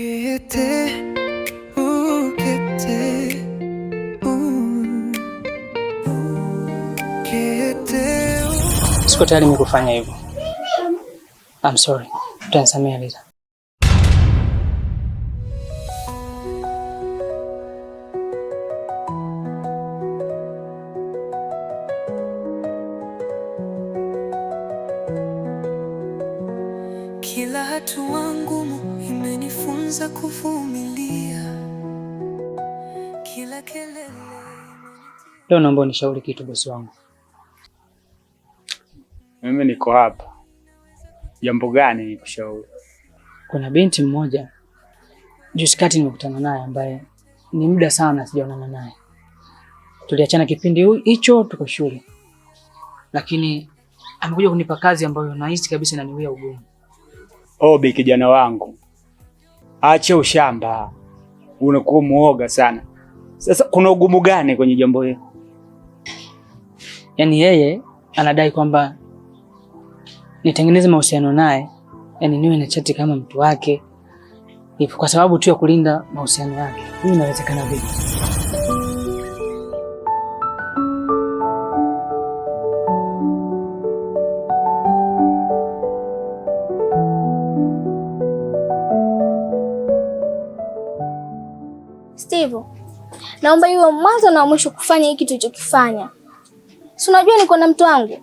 消えて受けて、siko tayari mimi kufanya hivyo. I'm sorry. Utanisamea Liza. Kila hatua ngumu imenifunza kuvumilia kila kelele. Leo naomba unishauri kitu bosi wangu. Mimi niko hapa, jambo gani nikushauri? Kuna binti mmoja juzi kati nimekutana naye ambaye ni muda sana sijaonana naye. Tuliachana kipindi hicho tuko shule, lakini amekuja kunipa kazi ambayo nahisi kabisa naniwia ugumu. Obi, kijana wangu, acha ushamba, unakuwa muoga sana. Sasa kuna ugumu gani kwenye jambo hili? Yaani yeye anadai kwamba nitengeneze mahusiano naye, yaani niwe na chati kama mtu wake, kwa sababu tu ya kulinda mahusiano yake. Hii inawezekana vipi? Steve, naomba iwe mwanzo na mwisho kufanya hiki tulichokifanya. Si unajua niko na mtu wangu.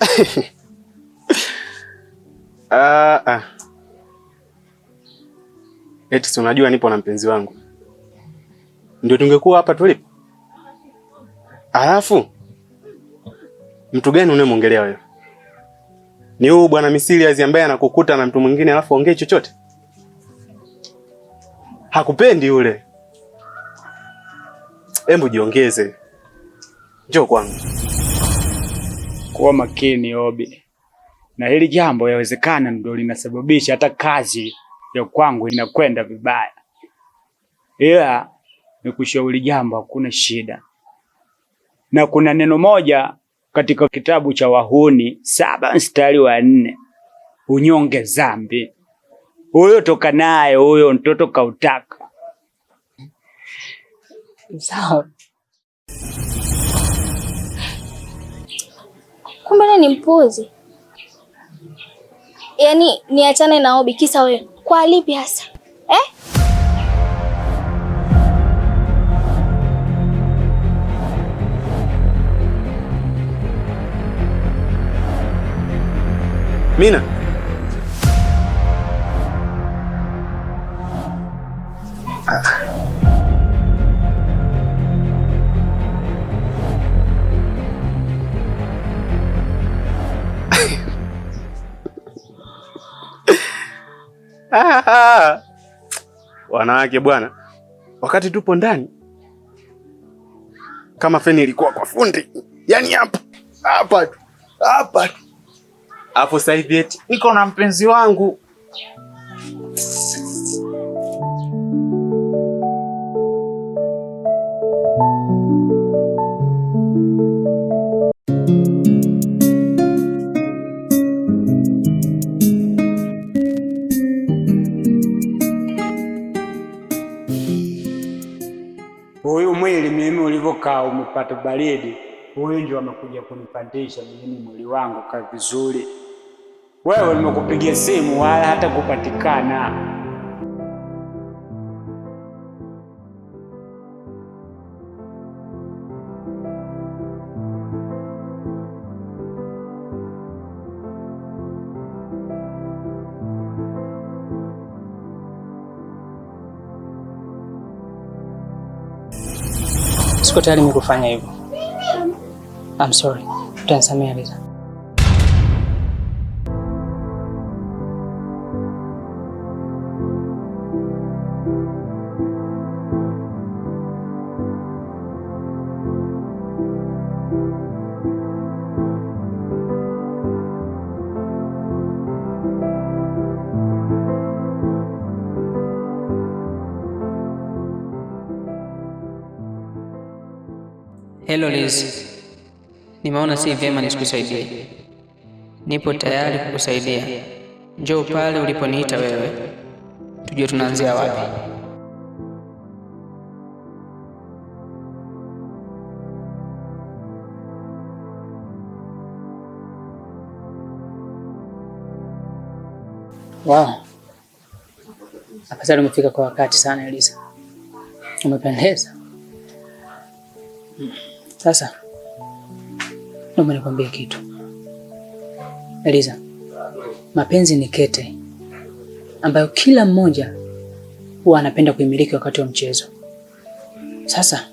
Ah, ah. Eti si unajua nipo na mpenzi wangu, ndio tungekuwa hapa tulipo. Alafu mtu gani unayemwongelea wewe? Ni huyu bwana Misilias ambaye anakukuta na mtu mwingine alafu ongee chochote hakupendi yule. Hebu jiongeze, njoo kwangu. Kuwa makini Obi, na hili jambo yawezekana ndio linasababisha hata kazi ya kwangu inakwenda vibaya, ila nikushauri jambo, hakuna shida. Na kuna neno moja katika kitabu cha Wahuni saba mstari wa nne, unyonge zambi huyo toka naye huyo mtoto kautaka. Sawa. Kumbe ni mpuzi. Yaani niachane na Obi kisa wewe. Kwa lipi hasa? Eh? Mina Wanawake bwana, wakati tupo ndani kama feni ilikuwa kwa fundi, yani hapa hapa tu hapa tu, afu sasa hivi eti niko na mpenzi wangu. kweli mimi ulivyokaa umepata baridi, huyu ndio amekuja kunipandisha mimi mwili wangu kaa vizuri. Wewe nimekupigia simu wala hata kupatikana Siko tayari mimi kufanya hivyo. I'm sorry. Utanisamehe Liza. Hello Liz, nimeona si vyema nisikusaidie. Nipo tayari kukusaidia, njoo pale uliponiita wewe, tujue tunaanzia wapi. Wow, afadhali umefika kwa wakati sana Elisa, umependeza. Hmm. Sasa naomba nikwambie kitu Eliza, mapenzi ni kete ambayo kila mmoja huwa anapenda kuimiliki wakati wa mchezo. Sasa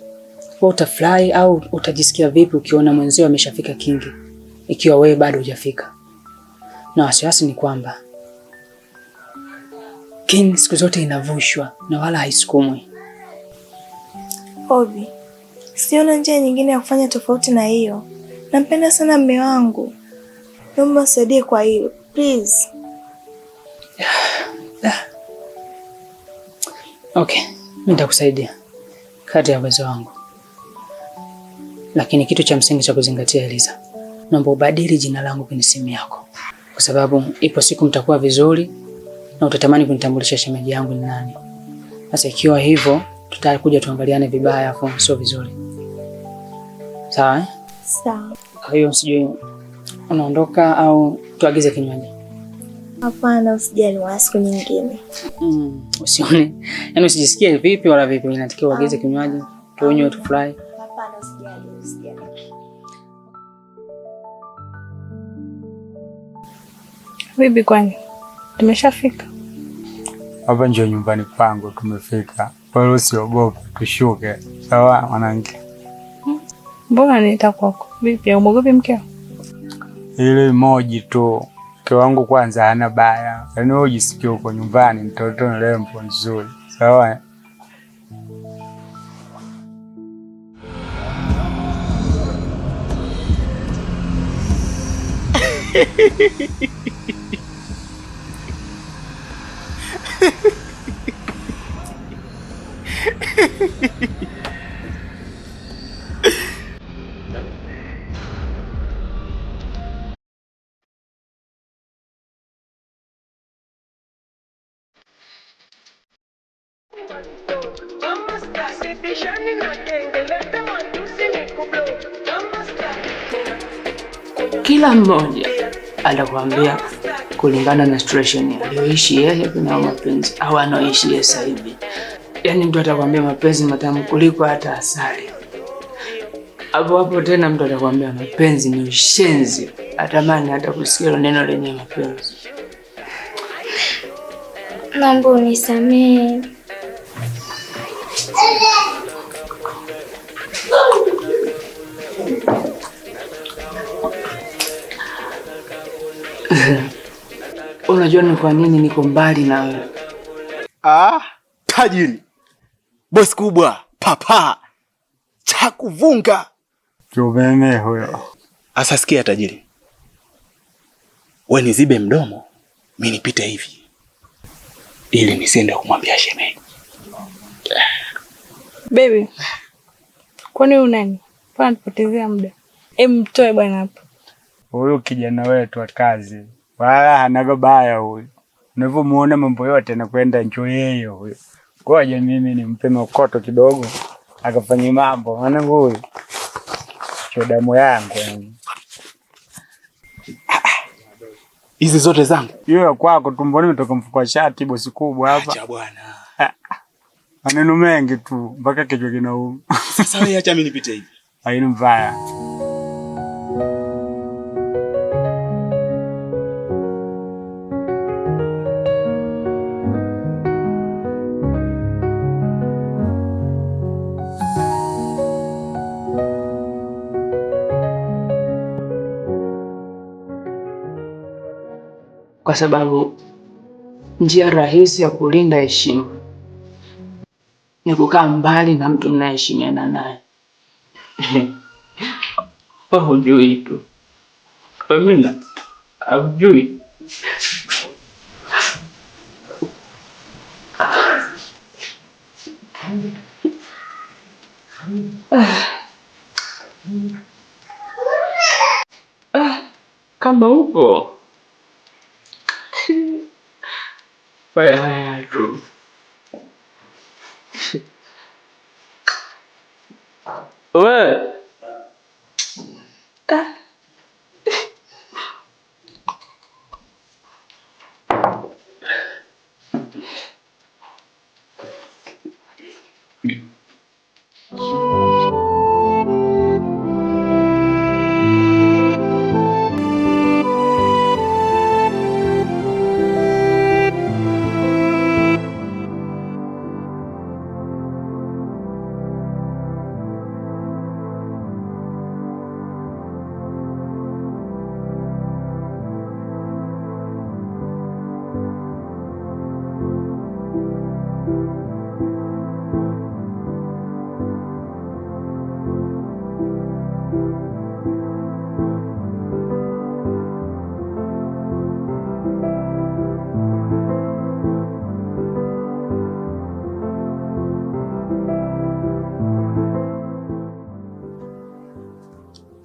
wewe utafurahi au utajisikia vipi ukiona mwenzio ameshafika kingi ikiwa wewe bado hujafika? Na wasiwasi ni kwamba kingi siku zote inavushwa na wala haisukumwi. Obi, Siona njia nyingine ya kufanya tofauti na hiyo. Nampenda sana mme wangu, naomba usaidie kwa hiyo please. Okay, nitakusaidia kati ya uwezo wangu, lakini kitu cha msingi cha kuzingatia, Eliza, naomba ubadili jina langu kwenye simu yako, kwa sababu ipo siku mtakuwa vizuri na utatamani kunitambulisha shemeji yangu ni nani. Sasa ikiwa hivyo, tutakuja tuangaliane vibaya, afu sio vizuri. Sawa. Eh? Sawa. Kwa hiyo sijui unaondoka au tuagize kinywaji? Hapana, usijali, siku nyingine. Mm, usione. Yaani usijisikie vipi wala vipi, inatakiwa uagize ah. kinywaji tuonywe, tufurahi. Hapana, usijali, usijali. Vipi kwani? Tumeshafika. Hapa ndio nyumbani kwangu tumefika. Kwa hiyo usiogope tushuke. Sawa mwanangu. Mbona anaita kwako? Vipi, haumogopi mkeo? Ile moji tu mke wangu kwanza hana baya, yaani wewe ujisikie uko nyumbani, mtoto mrembo nzuri, sawa Kila mmoja anakuambia kulingana na situation aliyoishi yeye kuna mapenzi au anaoishi yeye sasa hivi. Yaani mtu atakwambia mapenzi matamu kuliko hata asali. Hapo hapo tena mtu atakwambia mapenzi ni ushenzi, atamani hata kusikia neno lenye mapenzi. Naomba unisamehe. Mzee, unajua ni kwa nini niko mbali na wewe? Ah, tajiri bosi kubwa papa cha kuvunga tumeme huyo. Asa sikia tajiri, we nizibe mdomo, mi nipite hivi ili nisiende kumwambia shemeji. Baby, kwani huyu nani? Pana tupotezea muda, emtoe bwana hapo. Huyu kijana wetu wa kazi wala hanaga baya huyo. Unavyomuona mambo yote anakwenda ncho yeye huyo. Ngoja mimi nimpe makoto kidogo akafanye mambo, maana huyu cho damu yangu yani. Hizi zote zangu. Hiyo ya kwako tumboni umetoka mfuko wa shati bosi kubwa hapa. Acha bwana. Maneno mengi tu mpaka kichwa kinauma. Sasa wewe acha mimi nipite hivi. Haina mbaya. kwa sababu njia rahisi ya kulinda heshima ni kukaa mbali na mtu mnayeheshimiana naye. Hujui tu Pamina, hujui ah. ah. kama upo 喂，猪。喂。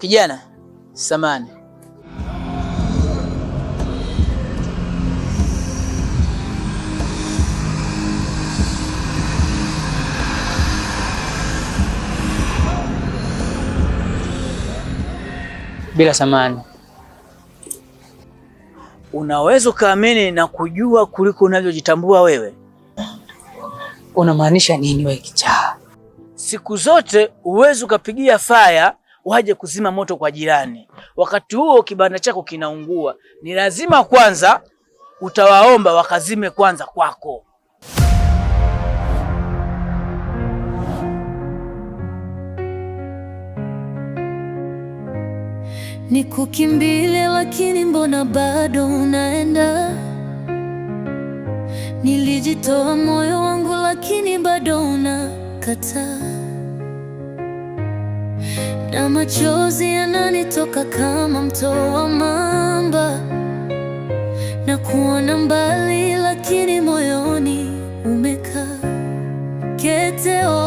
Kijana samani bila samani. Unaweza ukaamini na kujua kuliko unavyojitambua wewe. Unamaanisha nini wewe kichaa? Siku zote uwezi ukapigia faya waje kuzima moto kwa jirani. Wakati huo kibanda chako kinaungua, ni lazima kwanza utawaomba wakazime kwanza kwako. Ni kukimbile lakini mbona bado unaenda? Nilijitoa moyo wangu lakini bado unakataa na machozi yananitoka kama mto wa mamba, na kuona mbali, lakini moyoni umekaa Kete